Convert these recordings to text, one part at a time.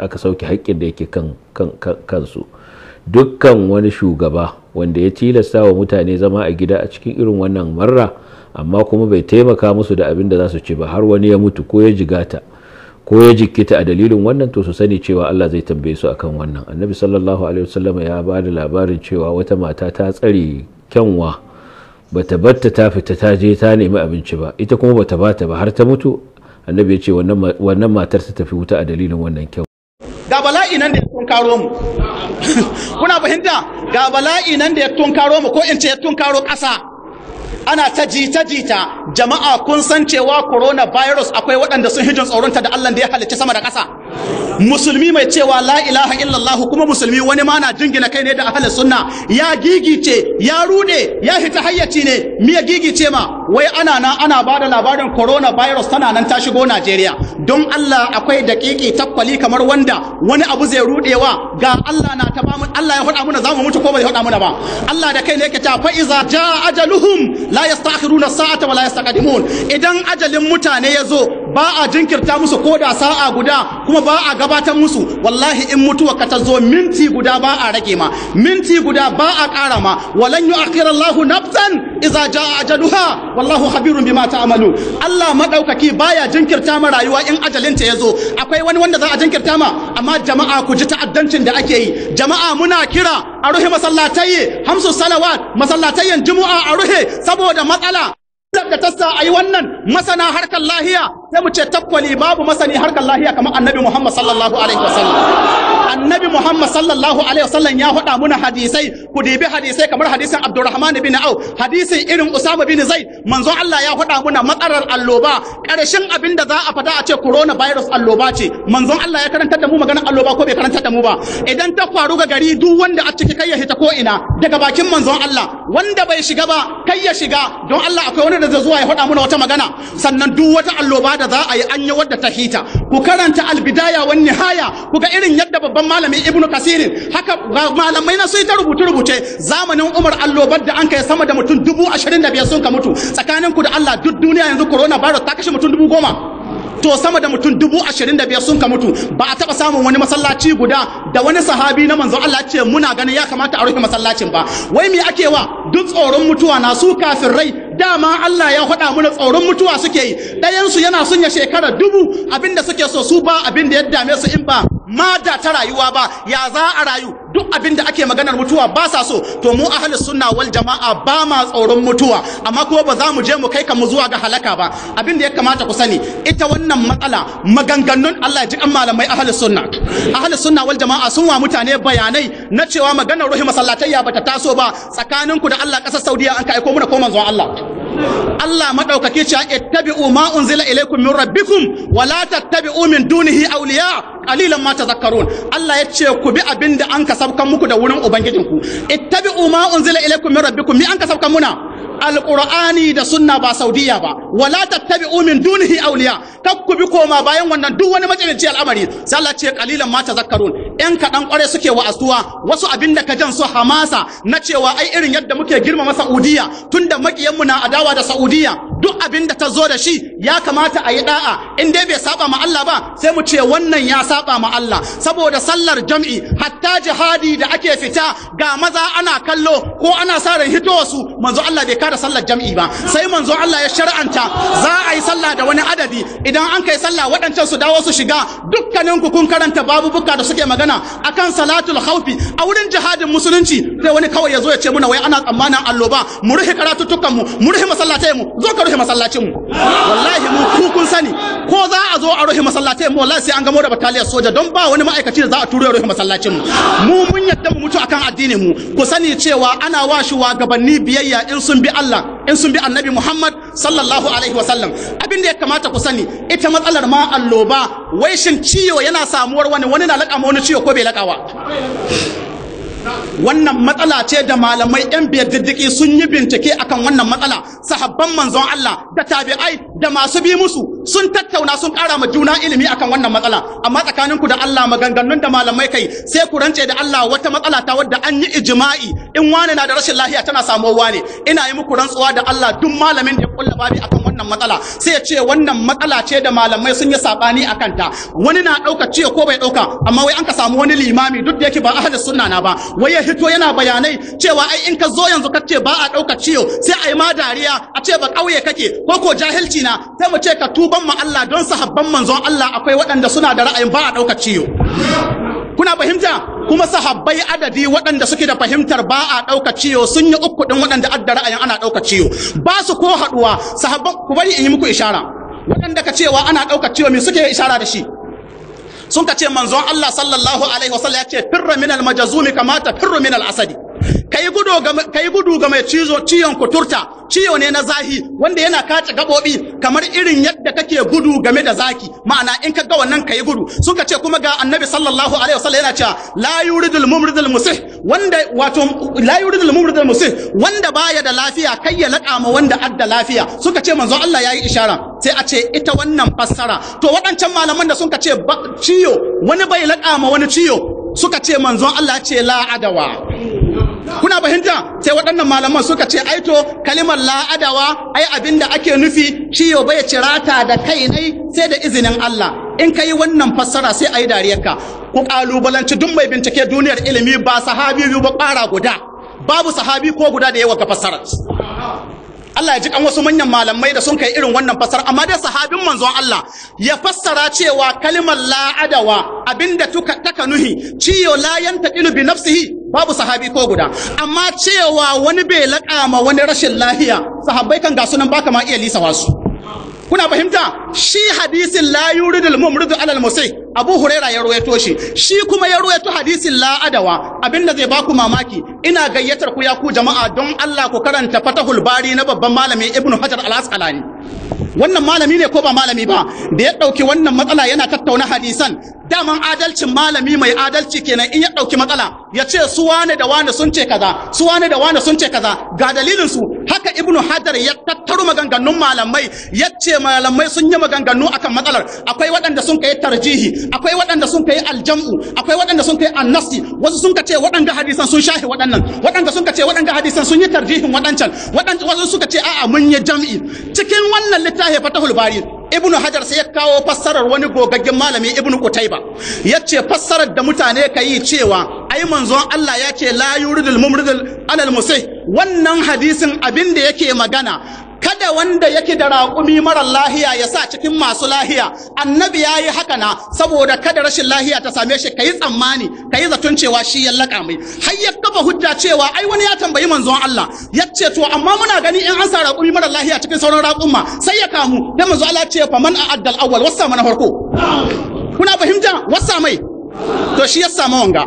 aka sauke haƙƙin da yake kan kansu dukkan wani shugaba wanda ya tilasta wa mutane zama a gida a cikin irin wannan marra amma kuma bai taimaka musu da abin da za su ci ba har wani ya mutu ko ya jigata ko ya jikkita a dalilin wannan to su sani cewa Allah zai tambaye su akan wannan annabi sallallahu alaihi wasallam ya ba da labarin cewa wata mata ta tsare kyanwa bata batta ta fita ta je ta nemi abinci ba ita kuma bata bata ba har ta mutu annabi ya ce wannan matar ta tafi wuta a dalilin wannan kyau nan da ya tunkaro mu kuna fahimta ga bala'i nan da ya tunkaro mu ko in ce ya tunkaro ƙasa ana ta jita jita jama'a kun san cewa coronavirus akwai waɗanda sun hijin tsoronta da Allah da ya halicci sama da ƙasa musulmi mai cewa la ilaha illallah kuma musulmi wani ma na jingina kai ne da ahlus sunna ya gigice ya rude ya fita hayyaci ne me ya gigice ma wai ana na ana bada labarin corona virus tana nan ta shigo Najeriya don Allah akwai daƙiƙi takwali kamar wanda wani abu zai rudewa ga Allah na ta bamu Allah ya hada muna zamu mutu ko bai hada muna ba Allah da kai ne yake ta fa iza jaa ajaluhum la yastakhiruna sa'ata wa la yastaqdimun idan ajalin mutane ya zo ba a jinkirta musu ko da sa'a guda kuma ba a gabatar musu wallahi in mutuwa ka ta zo minti guda ba a rage ma minti guda ba a ƙara ma walan yu'akhiru Allahu nafsan iza jaa ajaluha wallahu khabirun bima ta'malun Allah madaukaki baya jinkirta ma rayuwa in ajalinta ya zo akwai wani wanda za a jinkirta ma amma jama'a ku ji ta'addancin da ake yi jama'a muna kira a ruhe masallatai hamsu salawat masallatayen jumu'a a ruhe saboda matsala da ta sa a yi wannan masana harkar lahiya sai mu ce takwali babu masani harkar lahiya kamar annabi Muhammad sallallahu alaihi wasallam annabi Muhammad sallallahu alaihi wasallam ya faɗa muna hadisai ku dibi hadisai kamar hadisin Abdurrahman bin Au hadisin irin Usama bin Zaid manzo Allah ya faɗa muna matsalar alloba karshen abin da za a fada a ce corona virus alloba ce manzon Allah ya karanta da mu maganar alloba ko bai karanta da mu ba idan ta faru ga gari duk wanda a ciki kai ya hita ko ina daga bakin manzon Allah wanda bai shiga ba kai ya shiga don Allah akwai wani da zai zuwa ya faɗa muna wata magana sannan duk wata alloba da za a yi an yi wadda ta hita ku karanta albidaya wani nihaya ku ga irin yadda babban malamin ibnu kasirin haka malamai na sai ta rubuce rubuce zamanin umar allobar da an kai sama da mutum dubu ashirin da biyar sun ka mutu tsakanin ku da allah duk duniya yanzu virus ta kashe mutum dubu goma to sama da mutum dubu ashirin da biyar sun ka mutu ba a taba samun wani masallaci guda da wani sahabi na manzo Allah ce muna ganin ya kamata a rufe masallacin ba wai me ake wa duk tsoron mutuwa na su kafin dama Allah ya faɗa mana tsoron mutuwa suke yi ɗayansu yana sun ya shekara dubu abinda suke so su ba abinda ya dame su in ba mada ta rayuwa ba ya za a rayu duk abin da ake maganar mutuwa ba sa so to mu ahli sunna wal jama'a ba ma tsoron mutuwa amma kuma ba za mu je mu kai mu zuwa ga halaka ba abin da ya kamata ku sani ita wannan matsala maganganun Allah ji an malamai ahli sunna ahli sunna wal jama'a sun wa mutane bayanai na cewa maganar ruhi ya bata taso ba tsakanin ku da Allah kasar Saudiya an ka ko mu da ko manzon Allah Allah madaukake cewa ittabi'u ma unzila ilaykum min rabbikum wa la tattabi'u min dunihi awliya qalilan ma tazakkarun Allah ya ce ku bi abin da an kasafkan muku da wurin ubangijinku ittabi'u ma unzila ilaykum min rabbikum mi an ka muna alqur'ani da sunna ba saudiya ba wala tattabi'u min dunihi awliya ku bi koma bayan wannan duk wani majalinci al'amari sai Allah ce qalilan ma tazakkarun yan kaɗan kware suke wa'asuwa wasu abin da ka jan su hamasa na cewa ai irin yadda muke girmama saudiya tunda mu na adawa da saudiya duk abin da ta zo da shi ya kamata a yi da'a in dai bai saba ma Allah ba sai mu ce wannan ya saba ma Allah saboda sallar jam'i hatta jihadi da ake fita ga maza ana kallo ko ana sa ran hito su manzo Allah bai kada sallar jam'i ba sai manzo Allah ya shar'anta za a yi sallah da wani adadi idan an kai sallah waɗancan su dawo su shiga dukkanin ku kun karanta bukka da suke magana akan salatul khawfi a wurin jihadin musulunci sai wani kawai ya zo ya ce muna wai ana tsammanin alloba mu rufe karatuttukan mu mu rufe masallatai mu zo ka rufe masallacin mu wallahi wallahi mu ku kun sani ko za a zo a rufe masallacin mu wallahi sai an gamo da bataliyar soja don ba wani ma'aikaci da za a turo ya rufe masallacin mu mu mun yadda mu mutu akan addinin mu ku sani cewa ana washi wa gabanni biyayya in sun bi Allah in sun bi Annabi Muhammad sallallahu alaihi wa sallam abin da ya kamata ku sani ita matsalar ma alloba wai shin ciwo yana samuwar wani wani na laƙa wani ciwo ko bai laƙawa wannan matsala ce da malamai yan biyar diddiki sun yi bincike akan wannan matsala sahabban manzon Allah da tabi'ai da masu bi musu sun tattauna sun ƙara ma juna ilimi akan wannan matsala amma tsakaninku da Allah maganganun da malamai kai sai ku rance da Allah wata matsala ta wadda an yi ijma'i in wani na da rashin lafiya tana samuwa wani ina yi muku rantsuwa da Allah duk malamin da ya kulla babi akan wannan matsala sai ya ce wannan matsala ce da malamai sun yi sabani akan ta wani na ɗauka ce ko bai ɗauka amma wai an ka samu wani limami duk da yake ba ahlus sunna na ba wai ya hito yana bayanai cewa ai in ka zo yanzu ka ce ba a ɗauka ciyo sai a yi ma dariya a ce ba ƙauye kake ko ko jahilci na sai mu ce ka tuba sahabban mu Allah don sahabban manzon Allah akwai waɗanda suna da ra'ayin ba a ɗauka kuna fahimta kuma sahabbai adadi waɗanda suke da fahimtar ba a ɗauka ciwo sun yi uku ɗin waɗanda adda ra'ayin ana ɗauka ciwo ba su ko haɗuwa sahabban ku bari in yi muku ishara waɗanda ka cewa ana ɗauka ciwo me suke ishara da shi sun ka ce manzon Allah sallallahu alaihi wasallam ya ce firra minal majazumi kamata firra minal asadi ka yi gudu ga mai cizo ciyon kuturta ciyo ne na zahi wanda yana kace gabobi kamar irin yadda kake gudu game da zaki ma'ana in ka ga wannan ka yi gudu suka ce kuma ga annabi sallallahu alaihi wasallam yana cewa la yuridul mumridul musih wanda wato la yuridul mumridul musih wanda baya da lafiya kai ya laƙa ma wanda adda lafiya suka ce manzo Allah yayi ishara sai a ce ita wannan fassara to waɗancan malaman da suka ce ciyo wani bai lada ma wani ciyo suka ce manzon Allah ce la adawa kuna fahimta sai waɗannan malaman suka ce aito kalimar la'adawa ai abinda ake nufi ciyo bai cirata da kai ne sai da izinin Allah in ka yi wannan fassara sai a yi dariyarka ku ƙalubalanci duk mai bincike duniyar ilimi ba sahabi biyu ba ƙara guda babu sahabi ko guda da yawa ga fassara Allah ya ji kan wasu manyan malamai da sun kai irin wannan fassara. amma dai sahabin manzon Allah ya fassara cewa kalimar la'adawa abinda tuka taka nuhi ciyo la yanta ilu bi nafsihi babu sahabi ko guda amma cewa wani bai laƙa ma wani rashin lahiya sahabbai kan gasu nan baka ma iya lisa wasu kuna fahimta shi hadisin la yuridul mumridu alal musai abu huraira ya ruwaito shi shi kuma ya ruwaito hadisin la'adawa, adawa abinda zai baku mamaki ina gayyatar ku ya ku jama'a don Allah ku karanta fatahul bari na babban malami ibnu hajar al-asqalani wannan malami ne ko ba malami ba da ya dauki wannan matsala yana tattauna hadisan daman adalcin malami mai adalci kenan in ya dauki matsala ya ce su wane da wane sun ce kaza su wane da wane sun ce kaza ga dalilin su ibnu hajar ya tattaro maganganun malamai ya ce malamai sun yi maganganu akan matsalar akwai waɗanda sun kai tarjihi akwai waɗanda sun kai aljam'u akwai waɗanda sun kai annasi wasu sun ce waɗanda hadisan sun shahi waɗannan waɗanda sun ce waɗanda hadisan sun yi tarjihin waɗancan wasu suka ce a'a mun yi jam'i cikin wannan littafi fatahul bari ibnu hajar sai ya kawo fassarar wani gogaggen malami ibnu kutaiba ya ce fassarar da mutane ka yi cewa ai manzon allah ya ce la yuridul mumridul alal musih wannan hadisin abin da yake magana kada wanda yake da raƙumi marar lahiya ya sa cikin masu lahiya annabi ya yi haka na saboda kada rashin lahiya ta same shi ka yi tsammani ka yi zaton cewa shi ya laƙa mai har ya kafa hujja cewa ai wani ya tambayi manzon Allah ya ce to amma muna gani in an sa raƙumi marar lahiya cikin sauran raƙumma sai ya kamu dan manzon Allah ce fa man a'addal awwal wasa mana farko kuna fahimta wasa mai to shi ya samu wanga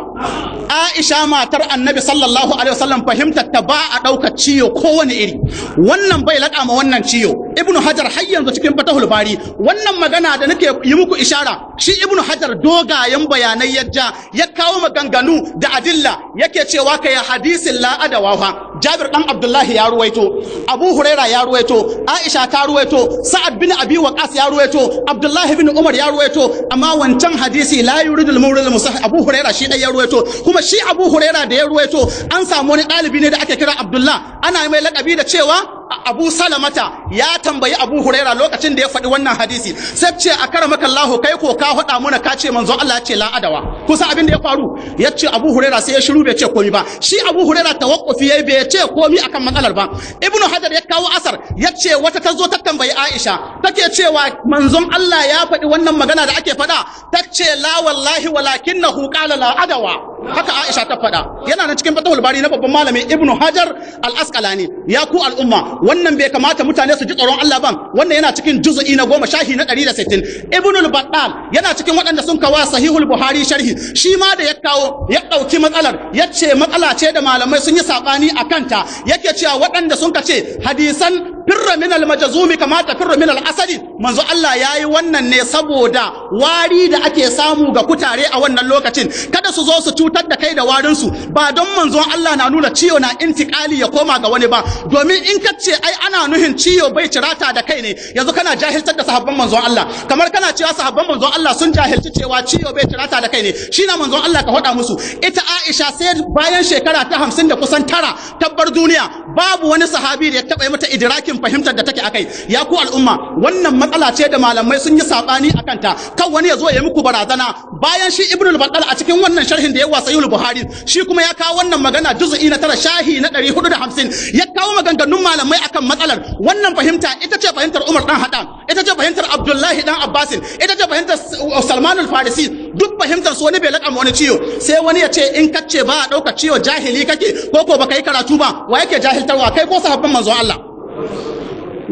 Aisha matar Annabi sallallahu alaihi wasallam fahimtar ta ba a ɗaukar ciyo kowane iri wannan bai laƙa ma wannan ciyo Ibn Hajar har yanzu cikin Fatahul Bari wannan magana da nake yi muku ishara shi Ibn Hajar dogayen bayanai yajja ya kawo maganganu da adilla yake cewa kai hadisin la adawafa jabir dan abdullahi ya ruwaito abu huraira ya ruwaito aisha ta ruwaito sa'ad bin abi waqas ya ruwaito abdullahi bin umar ya ruwaito amma wancan hadisi la yuridul muridul musah abu huraira shi dai ya ruwaito kuma shi abu huraira da ya ruwaito an samu wani dalibi ne da ake kira abdullah ana mai lakabi da cewa abu salamata ya tambayi abu huraira lokacin da ya faɗi wannan hadisi sai ce a kara maka kai ko ka faɗa muna ka ce manzon allah ce la adawa kusa abin da ya faru ya ce abu huraira sai ya shiru bai ce komi ba shi abu huraira tawakkufi yayi bai ce komi akan matsalar ba ibnu hajar ya kawo asar ya ce wata ta zo ta tambayi aisha take cewa manzon allah ya faɗi wannan magana da ake faɗa ta ce la wallahi walakinnahu qala la adawa haka aisha ta faɗa yana nan cikin fatahul bari na babban malami ibnu hajar al asqalani ya ku al'umma wannan bai kamata mutane su ji tsoron Allah ban wannan yana cikin juz'i na goma shahi na 160 ibnul battal yana cikin waɗanda sun kawo sahihul buhari sharhi shi ma da ya kawo ya ɗauki matsalar ya ce matsala ce da malamai sun yi saɓani a kanta yake cewa waɗanda sun ka ce hadisan firra min almajazumi kama ta firra min alasadi manzo Allah yayi wannan ne saboda wari da ake samu ga kutare a wannan lokacin kada su zo su cutar da kai da warin su ba don manzo Allah na nuna ciyo na intikali ya koma ga wani ba domin in ka ce ai ana nuhin ciyo bai cirata da kai ne yanzu kana jahiltar da sahabban manzo Allah kamar kana cewa sahabban manzo Allah sun jahilci cewa ciyo bai cirata da kai ne shi na manzo Allah ka faɗa musu ita Aisha sai bayan shekara ta hamsin da kusan tara tabbar duniya babu wani sahabi da ya taɓa mata idrakin fahimtar da take akai ya ku al'umma wannan matsala ce da malamai sun yi saɓani akan ta kan wani ya zo ya muku barazana bayan shi ibnul battal a cikin wannan sharhin da ya wasa yul buhari shi kuma ya kawo wannan magana juz'i na tara shahi na 450 ya kawo maganganun malamai akan matsalar wannan fahimta ita ce fahimtar umar dan haɗa. ita ce fahimtar abdullahi dan abbasin ita ce fahimtar uh, salman al-farisi duk fahimtar su wani bai laƙa wani ciwo sai wani ya ce in kace ba a ciwo jahili kake ko ko baka yi karatu ba wa yake jahili jahiltarwa kai ko sahabban manzon Allah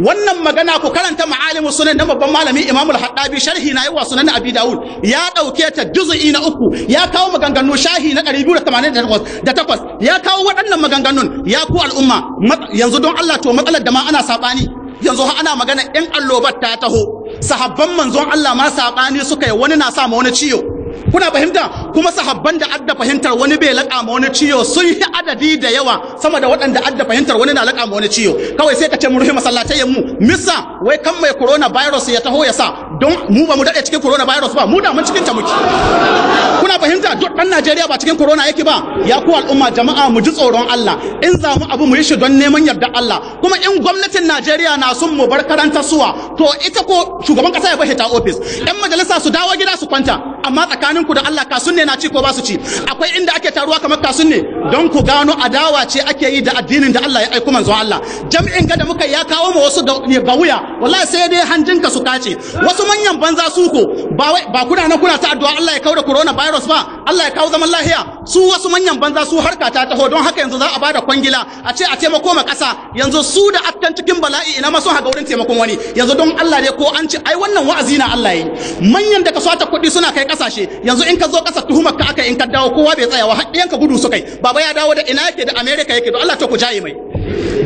wannan magana ku karanta ma'alimu sunan na babban malami imamul haddabi sharhi na yawa sunan abi daud ya dauke ta juz'i na uku ya kawo maganganu shahi na 288 da takwas ya kawo waɗannan maganganun ya ku al'umma yanzu don Allah to matsalar da ma ana sabani yanzu ha ana magana in allobar ta taho sahabban manzon Allah ma sabani suka yi wani na sa ma wani ciyo kuna fahimta kuma sahabban da adda fahimtar wani bai laƙa ma wani ciwo sun yi adadi da yawa sama da waɗanda adda fahimtar wani na laƙa ma wani ciwo kawai sai ka ce mu rufe masallatai mu misa wai kan mai corona virus ya taho ya sa don mu ba mu daɗe cikin corona virus ba mu da mun cikin ta muke kuna fahimta duk ɗan najeriya ba cikin corona yake ba ya ku al'umma jama'a mu ji tsoron allah in za mu abu mu yi shi don neman yarda allah kuma in gwamnatin najeriya na sun mu bar karanta suwa to ita ko shugaban ƙasa ya bar ta ofis yan majalisa su dawo gida su kwanta amma tsakanin ku da allah kasun ne na ci ko ba su ci akwai inda ake taruwa kamar kasun ne don ku gano adawa ce ake yi da addinin da allah ya aiko manzon allah Jami'in ga da muka ya kawo mu wasu ga wuya wallahi sai dai hanjinka su kace wasu manyan banza su ko ba wai ba kuna na kuna ta addu'a Allah ya kawo da corona virus ba Allah ya kawo zaman lafiya su wasu manyan banza su harka ta taho don haka yanzu za a bada kwangila a ce a taimako ma kasa yanzu su da attan cikin bala'i ina ma sun haga wurin taimakon wani yanzu don Allah ne ko an ci, ai wannan wa'azi na Allah yi manyan da ka sata kuɗi suna kai kasashe yanzu in ka zo kasa tuhumar ka aka in ka dawo kowa bai tsayawa har ka gudu su kai baba ya dawo da ina yake da America yake to Allah ta ku jaye mai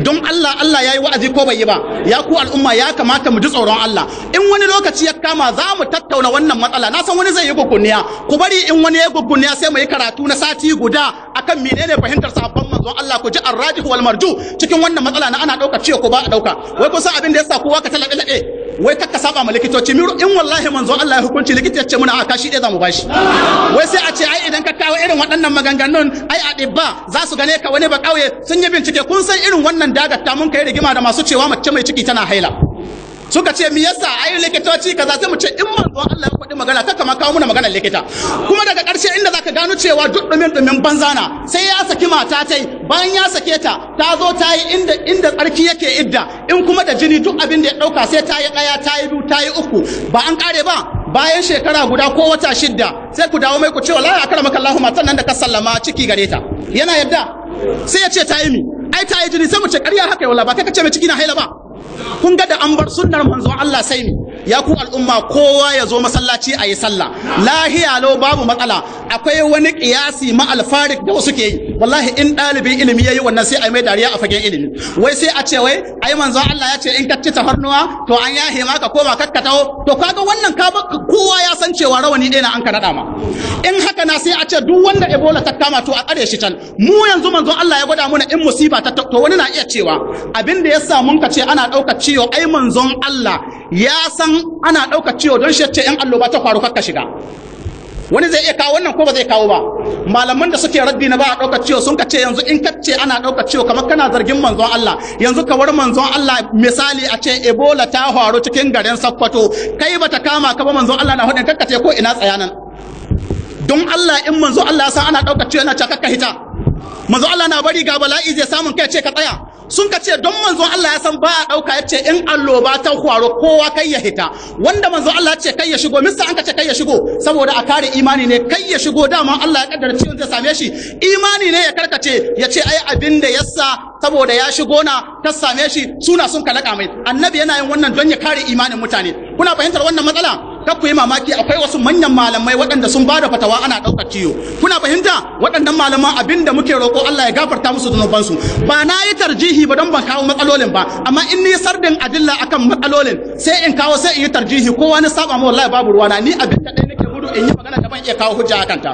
don Allah Allah ya yi wa'azi ko bai yi ba ya ku al'umma ya kamata mu ji tsoron Allah in wani lokaci ya kama za mu tattauna wannan matsala na san wani zai yi gugunniya ku bari in wani ya gugunniya sai mu yi karatu na sati guda akan menene fahimtar sabon manzon Allah ku ji arrajih wal marju cikin wannan matsala na ana dauka ce ko ba a dauka wai kun san abin da yasa kowa ka talabe labe wai kakka saba ma likitoci miro in wallahi manzo Allah ya hukunci likita ya ce muna a kashi ɗaya za bashi wai sai a ce ai idan ka kawo irin waɗannan maganganun ai a dibba za su gane ka wani ba kauye sun yi bincike kun san irin wannan dagatta mun kai rigima da masu cewa mace mai ciki tana haila suka ce mi yasa a yi likitoci ka sai mu ce in manzo Allah ya faɗi magana kaka ma kawo muna magana likita kuma daga ƙarshe inda zaka gano cewa duk dumin dumin na sai ya saki mata tai bayan ya sake ta ta zo ta yi inda inda tsarki yake idda in kuma da jini duk abin da ya dauka sai ta yi ɗaya ta yi biyu ta yi uku ba an ƙare ba bayan shekara guda ko wata shidda sai ku dawo mai ku cewa la akara maka Allahu matan nan da ka sallama ciki gare ta yana yadda sai ya ce ta yi mi ai ta yi jini sai mu ce ƙarya haka yau ba kai ka ce mai ciki na haila ba kun ga da an bar sunnar manzon Allah sai mi ya ku al'umma kowa ya zo masallaci a yi sallah lahiya lo babu matsala akwai wani kiyasi ma alfarik da wasu ke yi wallahi in ɗalibin ilimi yayi wannan sai a mai dariya a fagen ilimi wai sai a ce wai ai manzon Allah ya ce in ka ci tafarnuwa to an yahe ma ka koma kakka taho to kaga wannan ka kowa ya san cewa rawani ɗaya na an ka naɗa ma in haka na sai a ce duk wanda Ebola ta kama to a ƙare shi can mu yanzu manzon Allah ya gwada mana in musiba ta to wani na iya cewa abin da yasa mun ka ce ana ɗaukar ciwo ai manzon Allah ya san ana ɗauka ciwo don shi ce yan alloba ta faru kakka shiga wani zai iya kawo wannan ko ba zai kawo ba malaman da suke raddi na ba a ɗaukar ciwo sun ce yanzu in ce ana ɗaukar ciwo kamar kana zargin manzon Allah yanzu kawar manzon Allah misali a ce ebola ta faru cikin garin Sokoto kai bata kama ka ba manzon Allah na hudin kakkace ko ina tsayanan don Allah in manzon Allah ya san ana ɗaukar ciwo yana cakakka hita manzon Allah na bari ga bala'i zai samun kai ce ka tsaya sun ka ce don manzo Allah ya san ba a ɗauka ya ce in alloba ta kwaro kowa kai ya hita wanda manzo Allah ya ce kai ya shigo mista an ka ce kai ya shigo saboda a kare imani ne kai ya shigo dama Allah ya kaddara ciwon zai same shi imani ne ya karkace ya ce ai abin da yasa saboda ya shigo na ta same shi suna sun kalaka mai annabi yana yin wannan don ya kare imanin mutane kuna fahimtar wannan matsala Ka ku yi mamaki akwai wasu manyan malamai waɗanda sun bada fatawa ana ɗaukar ciwo kuna fahimta waɗannan malaman da muke roƙo Allah ya gafarta musu zunubansu ba na yi tarjihi ba don ban kawo matsalolin ba amma in ni sardin adilla akan matsalolin sai in kawo sai in yi tarjihi kowa ni saba ma wallahi babu ruwana ni abin kaɗai ɗaya nake gudu in yi magana da ban iya kawo hujja akan ta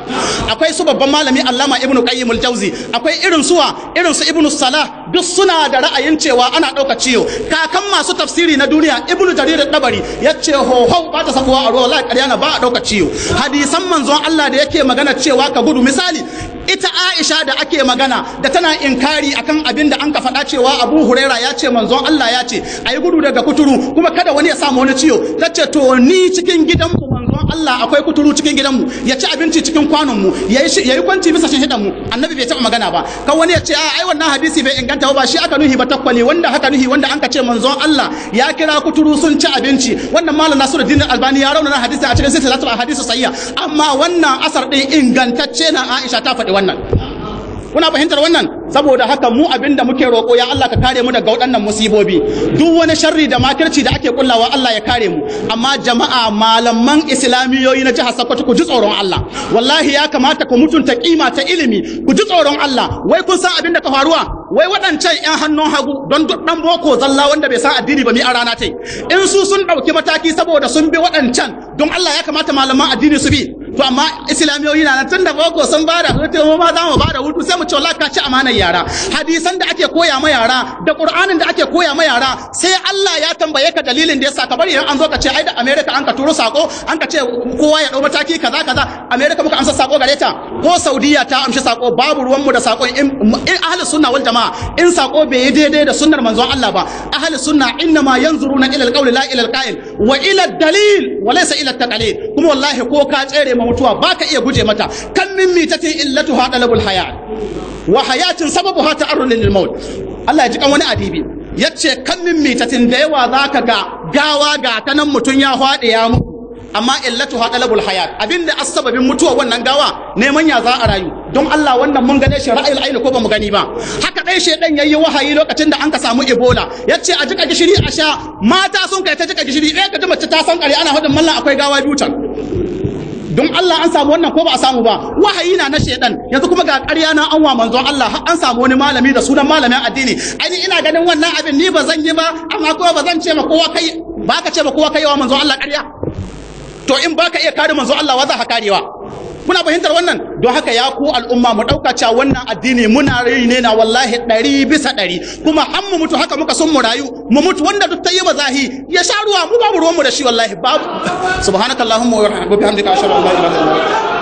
akwai su babban malami allama qayyim al jauzi akwai irin suwa irin su ibnu salah duk suna da ra'ayin cewa ana ɗauka ciwo kakan masu tafsiri na duniya ibnu jarir dabari ya ce hoho ba ta safuwa a ruwa wallahi ƙaryana ba a ɗauka ciwo hadisan manzon Allah da yake magana cewa ka gudu misali ita Aisha da ake magana da tana inkari akan abin da an ka faɗa cewa Abu Huraira ya ce manzon Allah ya ce ayi gudu daga kuturu kuma kada wani ya samu wani ciwo tace to ni cikin gidanku manzon Allah akwai kuturu cikin gidanmu ya ci abinci cikin kwanonmu ya yi kwanci bisa mu annabi bai taɓa magana ba kan wani ya ce a ai wannan hadisi bai inganta ba shi aka nuhi ba takwali wanda haka nuhi wanda an ka ce manzon Allah ya kira kuturu sun ci abinci wannan malam Nasiruddin Albani ya raunana hadisi a cikin silsilatul hadisi sahiha amma wannan asar din ingantacce na Aisha ta faɗi wannan kuna fahimtar wannan saboda haka mu abin da muke roƙo ya Allah ka kare mu daga waɗannan musibobi duk wani sharri da makirci da ake kullawa Allah ya kare mu amma jama'a malaman islamiyoyi na jihar Sokoto ku ji tsoron Allah wallahi ya kamata ku mutunta kima ta ilimi ku ji tsoron Allah wai kun san abin da ka faruwa wai waɗancan 'yan hannun hagu don duk ɗan boko zalla wanda bai san addini ba mi a rana ta in su sun ɗauki mataki saboda sun bi waɗancan don Allah ya kamata malaman addini su bi to amma islamiyoyi na tun da boko sun ba da hutu mu ma za mu ba da hutu sai mu ce wallahi ka ci amanar yara hadisan da ake koya ma yara da qur'anin da ake koya ma yara sai Allah ya tambaye ka dalilin da yasa ka bari an zo ka ce ai da America an ka turo sako an ka ce kowa ya dau mataki kaza kaza America muka amsa sako gare ta ko Saudiya ta amshi sako babu ruwan mu da sako in ahli sunna wal jamaa in sako bai yi daidai da sunnar manzon Allah ba ahli sunna inna ma yanzuruna ila al-qawl la ila al-qa'il wa ila dalil wa laysa ila taqlid kuma wallahi ko ka tsere ma mutuwa baka iya guje mata kan min mitatin illatu ha dalabul hayat wa hayatin sababu ha ta'arrun lil maut Allah ya ji kan wani adibi yace kan min mitatin da yawa zaka ga gawa ga ta nan mutun ya faɗi ya mutu amma illatu ha talabul hayat abinda asbabin mutuwa wannan gawa neman ya za a rayu don Allah wannan mun gane shi ra'ayil aini ko ba mu gani ba haka dai shedan yayi wahayi lokacin da an ka samu ebola yace a jika gishiri a sha mata sun kai ta jika gishiri eh ka mace ta san kare ana hadin mallan akwai gawa biyu ta. don Allah an samu wannan ko ba a samu ba wahayi na na shedan yanzu kuma ga ƙarya na an wa manzon Allah har an samu wani malami da sunan malamin addini ai ina ganin wannan abin ni ba zan yi ba amma kuma ba zan ce ma kowa kai ba ka ce ma kowa kai wa manzon Allah ƙarya to in baka iya kare manzo Allah wa za ka karewa kuna fahimtar wannan don haka ya ku al'umma mu ɗauka cewa wannan addini muna rai ne na wallahi ɗari bisa ɗari kuma har mu mutu haka muka sun mu rayu mu mutu wanda duk ta yi zahi ya sha ruwa mu babu ruwan mu da shi wallahi babu subhanakallahumma wa bihamdika ashhadu an la ilaha illa anta